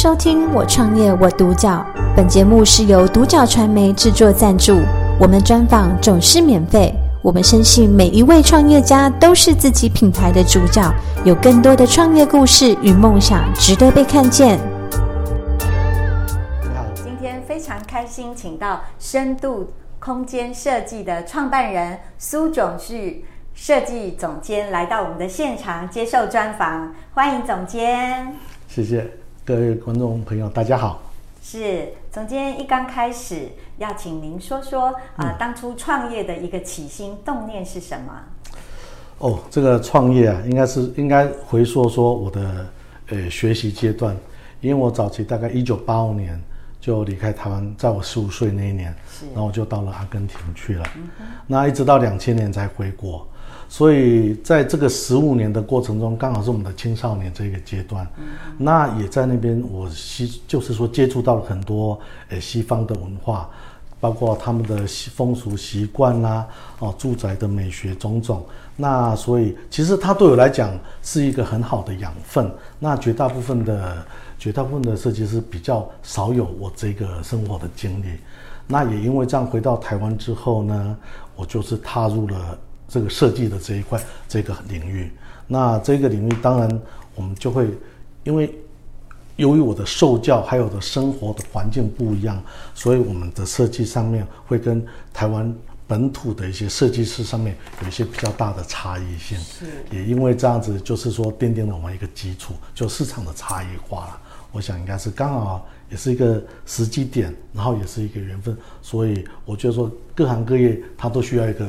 收聽我創業我獨角，本節目是由獨角傳媒制作贊助。我們專訪總是免費，我們深信每一位創業家都是自己品牌的主角，有更多的創業故事與夢想值得被看見。你好，今天非常開心，請到深度空間設計的創辦人蘇炯旭設計總監來到我們的現場接受專訪，歡迎總監，謝謝。各位觀眾朋友，大家好。是，從今天一剛開始，要請您說說啊，呃嗯、當初創業的一個起心動念是什麼？哦，這個創業啊，應該是應該回溯說我的、欸、學習階段，因為我早期大概一九八五年就離開台灣，在我十五歲那一年，是然後我就到了阿根廷去了，嗯、哼那一直到兩千年才回國。所以在這個十五年的過程中，剛好是我們的青少年這個階段，嗯嗯、那也在那邊，我就是說接觸到了很多西方的文化，包括他們的風俗習慣啦，哦，住宅的美學種種。那所以其實它對我來講是一個很好的養分。那絕大部分的絕大部分的設計師比較少有我這個生活的經歷。那也因為這樣，回到台灣之後呢，我就是踏入了。這個設計的這一塊這個領域，那這個領域當然我們就會，因為由於我的受教還有我的生活的環境不一樣，所以我們的設計上面會跟台灣本土的一些設計師上面有一些比較大的差異性。的也因為這樣子就是說奠定了我們一個基礎，就市場的差異化了。我想應該是剛好也是一個時機點，然後也是一個緣分，所以我就說各行各業它都需要一個。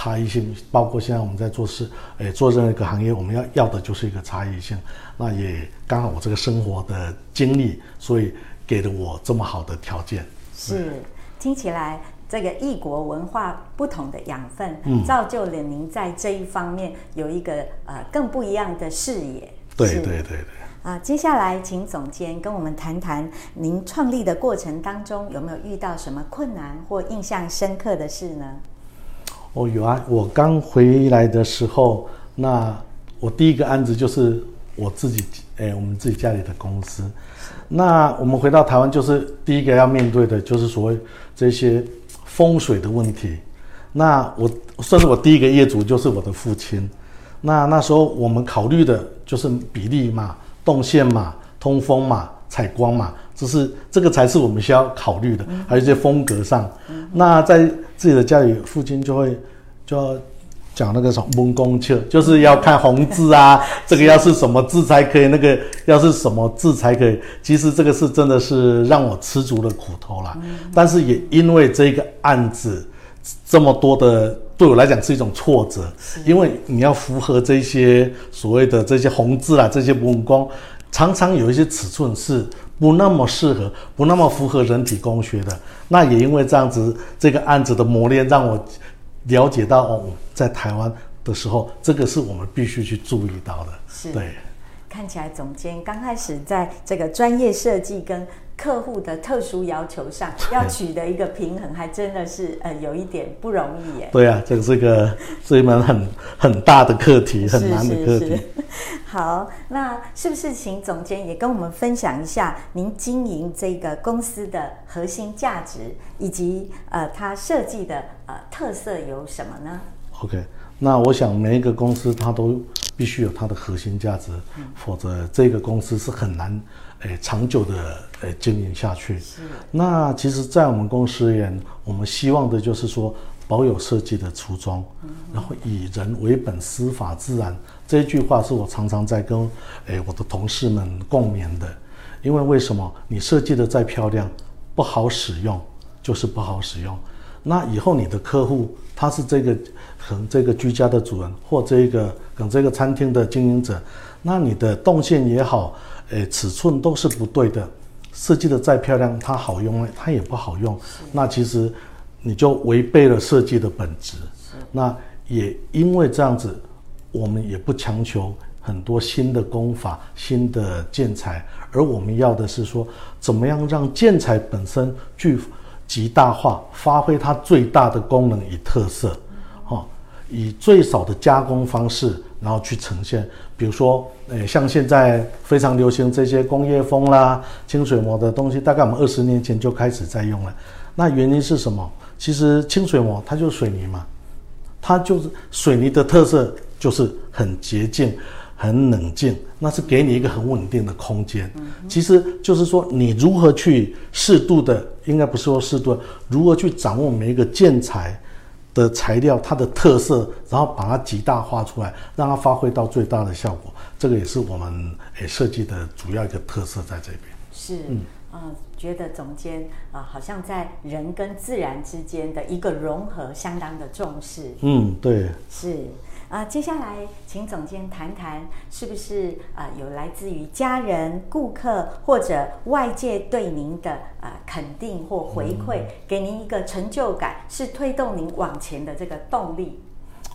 差異性，包括現在我們在做事，哎，做任何一個行業，我們要要的就是一個差異性。那也剛好我這個生活的經歷，所以給了我這麼好的條件。是，聽起來這個異國文化不同的養分，嗯，造就了您在這一方面有一個呃更不一樣的視野。對是對對，對。啊，接下來請總監跟我們談談，您創立的過程當中有沒有遇到什麼困難或印象深刻的事呢？我、oh, 有啊，我剛回來的時候，那我第一個案子就是我自己，誒、欸，我們自己家裡的公司。那我們回到台灣，就是第一個要面對的就是所謂這些風水的問題。那我算是我第一個業主就是我的父親。那那時候我們考慮的就是比例嘛、動線嘛、通風嘛、採光嘛。就是這個才是我們需要考慮的，嗯、哼還有一些風格上。嗯、哼那在自己的家裡，父親就會，就要講那個什麼文公尺，就、嗯、哼就是要看紅字啊，嗯、哼這個要是什麼字才可以，是那個要是什麼字才可以。其實這個是真的是讓我吃足了苦頭啦。嗯、哼但是也因為這個案子這麼多的，對我來講是一種挫折，是因為你要符合這些所謂的這些紅字啊，這些文公，常常有一些尺寸是。不那麼適合，不那麼符合人體工學的，那也因為這樣子，這個案子的磨練讓我了解到，哦，在台灣的時候，這個是我們必須去注意到的。是，對，看起來總監剛開始在這個專業設計跟。客戶的特殊要求上要取得一個平衡，還真的是呃有一點不容易耶。對啊，這是一個是一門很很大的課題，很難的課題。是是是。好，那是不是請總監也跟我們分享一下您經營這個公司的核心價值，以及呃它設計的呃特色有什麼呢？OK，那我想每一個公司它都必須有它的核心價值，否則這個公司是很難，呃，長久的。誒、呃，經營下去。是，那其實，在我們公司而言，我們希望的就是說，保有設計的初衷，然後以人為本，師法自然。這一句話是我常常在跟誒我，、呃、我的同事們共勉的。因為為什麼？你設計的再漂亮，不好使用就是不好使用。那以後你的客戶他是這個跟這個居家的主人，或這個跟這個餐廳的經營者，那你的動線也好，誒、呃、尺寸都是不對的。設計的再漂亮，它好用嗎？它也不好用。是那其實你就違背了設計的本質。是那也因為這樣子，我們也不強求很多新的工法、新的建材，而我們要的是說，怎麼樣讓建材本身去極大化發揮它最大的功能與特色，哈、嗯哦，以最少的加工方式。然後去呈現，比如說，誒、呃，像現在非常流行這些工業風啦、清水模的東西，大概我們二十年前就開始在用了。那原因是什麼？其實清水模它就是水泥嘛，它就是水泥的特色就是很潔淨、很冷靜，那是給你一個很穩定的空間。嗯、哼其實就是說你如何去適度的，應該不是說適度的，如何去掌握每一個建材。的材料，它的特色，然後把它極大化出來，讓它發揮到最大的效果。這個也是我們誒、哎、設計的主要一個特色，在這邊。是。嗯。啊、嗯，覺得總監啊、呃，好像在人跟自然之間的一個融合相當的重視。嗯，對，是啊、呃。接下來，請總監談談，是不是啊、呃，有來自於家人、顧客或者外界對您的啊、呃、肯定或回饋，嗯、給您一個成就感，是推動您往前的這個動力。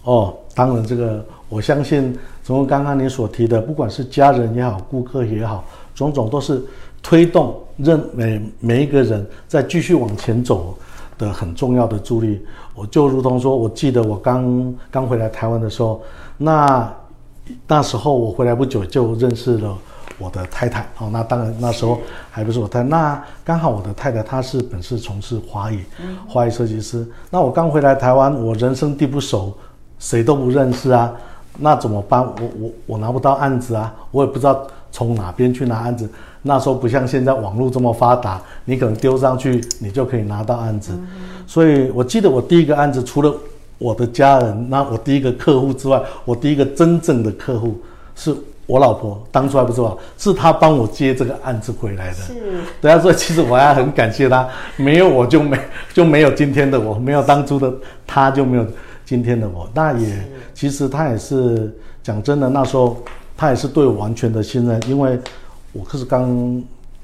哦，當然，這個、嗯、我相信，從剛剛您所提的，不管是家人也好，顧客也好，種種都是。推動任每每一個人再繼續往前走的很重要的助力。我就如同說，我記得我剛剛回來台灣的時候，那那時候我回來不久就認識了我的太太。哦，那當然那時候還不是我太太，那剛好我的太太她是本是從事華裔華裔設計師。嗯嗯，那我剛回來台灣，我人生地不熟，誰都不認識啊。那怎麼辦？我我我拿不到案子啊，我也不知道從哪邊去拿案子。那時候不像現在網絡這麼發達，你可能丟上去，你就可以拿到案子。嗯、哼所以，我記得我第一個案子，除了我的家人，那我第一個客戶之外，我第一個真正的客戶是我老婆。當初還不知道，是她幫我接這個案子回來的。是，對，所以，其實我還很感謝她，沒有我就沒就沒有今天的我，沒有當初的她就沒有今天的我。那也是其實她也是講真的，那時候她也是對我完全的信任，因為。我可是剛，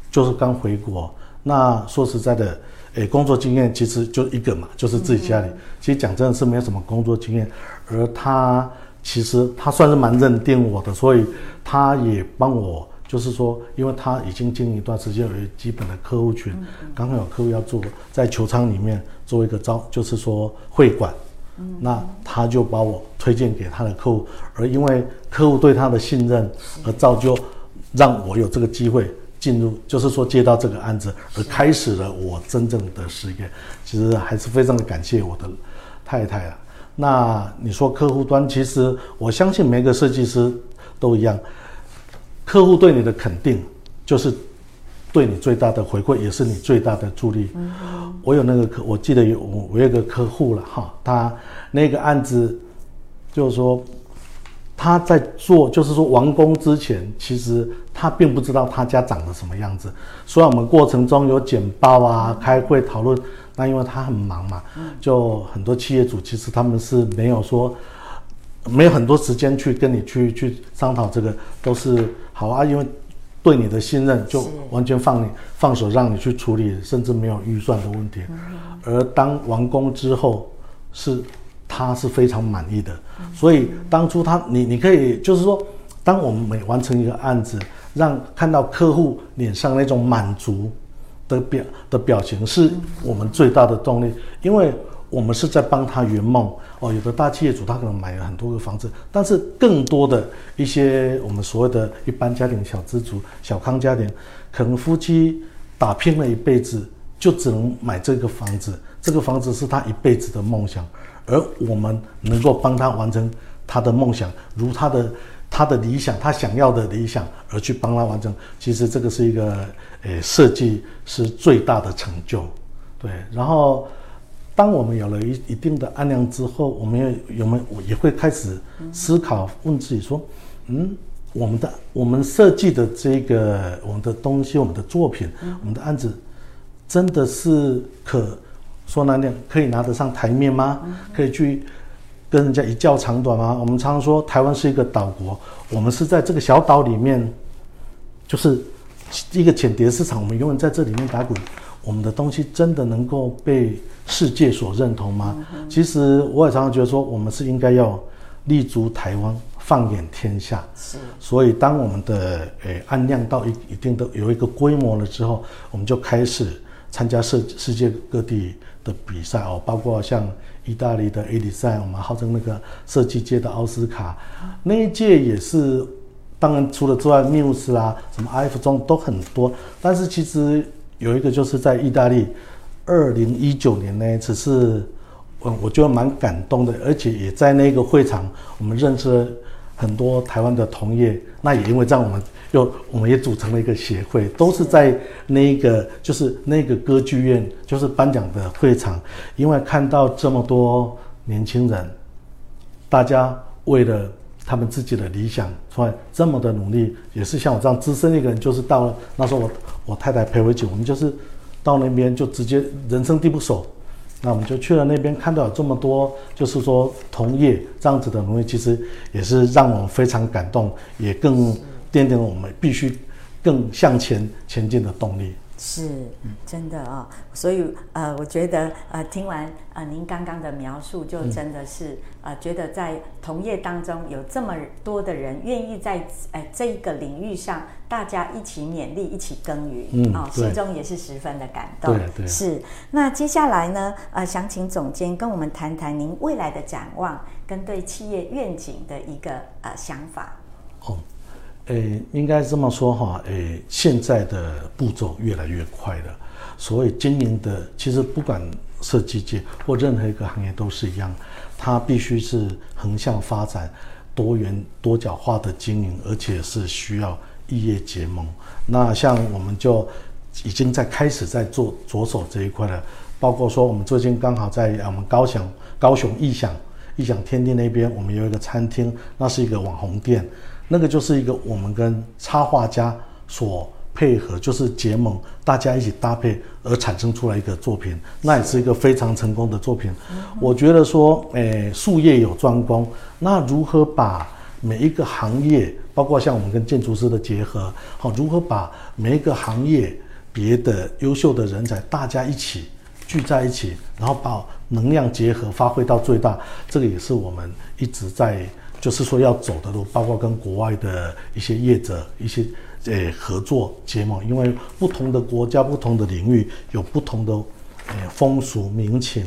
就是剛回國。那說實在的，誒、哎，工作經驗其實就一個嘛，就是自己家裡。嗯、哼其實講真的是沒有什麼工作經驗。而他其實他算是蠻認定我的，嗯、哼所以他也幫我，就是說，因為他已經經營一段時間，有基本的客戶群。剛、嗯、哼剛有客戶要做在球場裡面做一個招，就是說會館。嗯、哼那他就把我推薦給他的客戶，而因為客戶對他的信任，而造就。嗯讓我有這個機會進入，就是說接到這個案子，而開始了我真正的事業，是其實還是非常的感謝我的太太啊。那你說客戶端，其實我相信每個設計師都一樣，客戶對你的肯定就是對你最大的回饋，是。也是你最大的助力。嗯。我有那個客，我記得有我有一個客戶了哈，他那個案子就是說。他在做，就是說完工之前，其實他並不知道他家長得什麼樣子。雖然我們過程中有簡報啊、開會討論，那因為他很忙嘛，就很多企業主其實他們是沒有說，沒有很多時間去跟你去去商討這個，都是好啊，因為對你的信任就完全放你放手讓你去處理，甚至沒有預算的問題。而當完工之後是。他是非常滿意的，所以當初他你你可以就是說，當我們每完成一個案子，讓看到客戶臉上那種滿足的表的表情，是我們最大的動力。因為我們是在幫他圓夢。哦，有的大企業主他可能買了很多個房子，但是更多的一些我們所謂的一般家庭、小資族、小康家庭，可能夫妻打拼了一輩子，就只能買這個房子，這個房子是他一輩子的夢想。而我們能夠幫他完成他的夢想，如他的他的理想，他想要的理想而去幫他完成，其實這個是一個呃設計是最大的成就，對。然後，當我們有了一一定的案量之後，我們也有，沒有我也會開始思考，問自己說，嗯，嗯，我們的我們設計的這個我們的東西，我們的作品，嗯、我們的案子，真的是可。說難聽點，可以拿得上台面嗎？嗯、哼可以去跟人家一較長短嗎？我們常常說台灣是一個島國，我們是在這個小島裡面，就是一個淺碟市場，我們永遠在這裡面打滾。我們的東西真的能夠被世界所認同嗎？嗯、哼其實我也常常覺得說，我們是應該要立足台灣，放眼天下。是。所以當我們的呃案量到一一定的有一個規模了之後，我們就開始參加世世界各地。的比賽哦，包括像意大利的 A' Design，我們號稱那個設計界的奧斯卡，那一屆也是，當然除了之外繆斯 s 啊，什麼 IF 中都很多。但是其實有一個就是在意大利二零一九年呢，只是我我覺得蠻感動的，而且也在那個會場，我們認識了很多台灣的同業，那也因為這樣我們。又，就我們也組成了一個協會，都是在那個，就是那個歌劇院，就是頒獎的會場。因為看到這麼多年輕人，大家為了他們自己的理想，出來這麼的努力，也是像我這樣資深一個人，就是到了那時候，我我太太陪我一起，我們就是到那邊就直接人生地不熟，那我們就去了那邊，看到有這麼多，就是說同業這樣子的努力，其實也是讓我非常感動，也更。奠定了我們必須更向前前進的動力，嗯。是，真的啊，哦，所以呃，我覺得呃，聽完呃，您剛剛的描述，就真的是，嗯、呃，覺得在同業當中有這麼多的人願意在呃這一個領域上，大家一起勉勵，一起耕耘，啊、嗯，呃、心中也是十分的感動。對對。是，那接下來呢，呃，想請總監跟我們談談您未來的展望，跟對企業願景的一個呃想法。哦誒，應該這麼說哈，誒，現在的步驟越來越快了。所以經營的，其實不管設計界或任何一個行業都是一樣，它必須是橫向發展、多元、多角化的經營，而且是需要異業結盟。那像我們就已經在開始在做左手這一塊了，包括說我們最近剛好在我們高雄高雄異想異想天地那邊，我們有一個餐廳，那是一個網紅店。那個就是一個我們跟插畫家所配合，就是結盟，大家一起搭配而產生出來一個作品，那也是一個非常成功的作品。是我覺得說，誒、呃，術業有專攻，那如何把每一個行業，包括像我們跟建築師的結合，好、哦，如何把每一個行業別的優秀的人才，大家一起聚在一起，然後把能量結合發揮到最大，這個也是我們一直在。就是說，要走的路，包括跟國外的一些業者一些誒、呃、合作結盟，因為不同的國家、不同的領域有不同的誒、呃、風俗民情，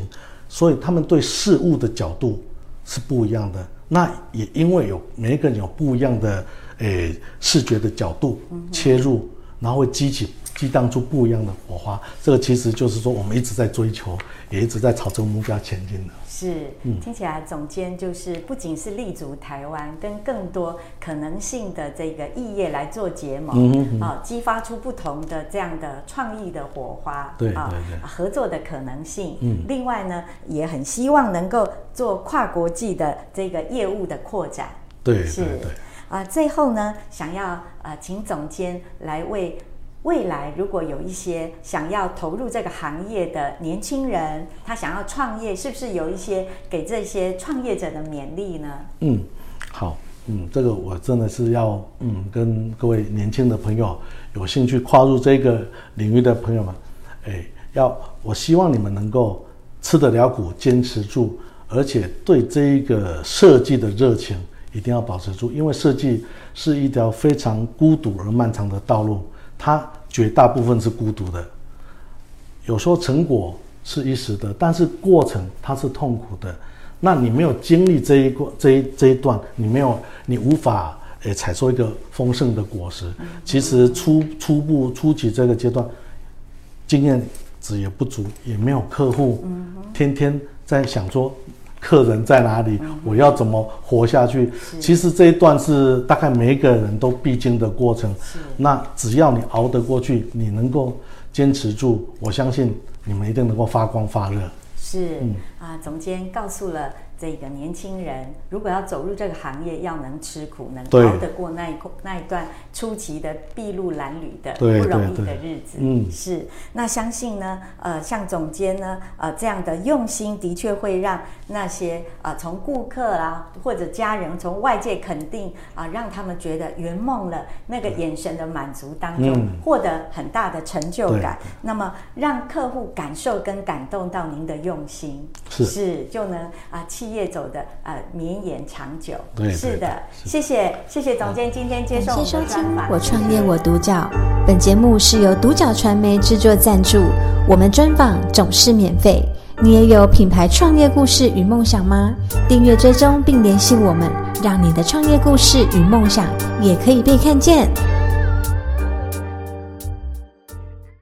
所以他們對事物的角度是不一樣的。那也因為有每一個人有不一樣的誒、呃、視覺的角度切入，然後會激起。激盪出不一樣的火花，這個其實就是說我們一直在追求，也一直在朝這個目標前進的。是，嗯，聽起來總監就是不僅是立足台灣，跟更多可能性的這個異業來做結盟，嗯嗯嗯，啊，激發出不同的這樣的創意的火花，對，對，對啊，合作的可能性。嗯，另外呢，也很希望能夠做跨國際的這個業務的擴展。對，是，對對對，啊，最後呢，想要呃，請總監來為。未來如果有一些想要投入這個行業的年輕人，他想要創業，是不是有一些給這些創業者的勉勵呢？嗯，好，嗯，這個我真的是要嗯，跟各位年輕的朋友，有興趣跨入這個領域的朋友們，哎，要我希望你們能夠吃得了苦，堅持住，而且對這一個設計的熱情一定要保持住，因為設計是一條非常孤獨而漫長的道路。他絕大部分是孤獨的，有時候成果是一時的，但是過程它是痛苦的。那你沒有經歷這一過這一這一段，你沒有，你無法誒採收一個豐盛的果實。其實初初步初期這個階段，經驗值也不足，也沒有客戶，天天在想說。客人在哪裡？嗯、哼我要怎麼活下去？是其實這一段是大概每一個人都必經的過程。是那只要你熬得過去，你能夠堅持住，我相信你們一定能夠發光發熱。是，嗯、啊，總監告訴了。這個年輕人如果要走入這個行業，要能吃苦，能熬得過那一那一段初期的篳路藍縷的不容易的日子。對對對嗯，是。那相信呢，呃，像總監呢，呃，這樣的用心，的確會讓那些呃從顧客啊，或者家人從外界肯定啊、呃，讓他們覺得圓夢了，那個眼神的滿足當中，嗯、獲得很大的成就感。對那麼，讓客戶感受跟感動到您的用心。是，是，就能啊、呃，企業走得啊、呃，綿延長久。對對是的，謝謝，謝謝總監今天接受我們的專訪。嗯、謝謝收聽我創業，我獨角。對本節目是由獨角傳媒製作贊助，我們專訪總是免費。你也有品牌創業故事與夢想嗎？訂閱追蹤並聯繫我們，讓你的創業故事與夢想也可以被看見。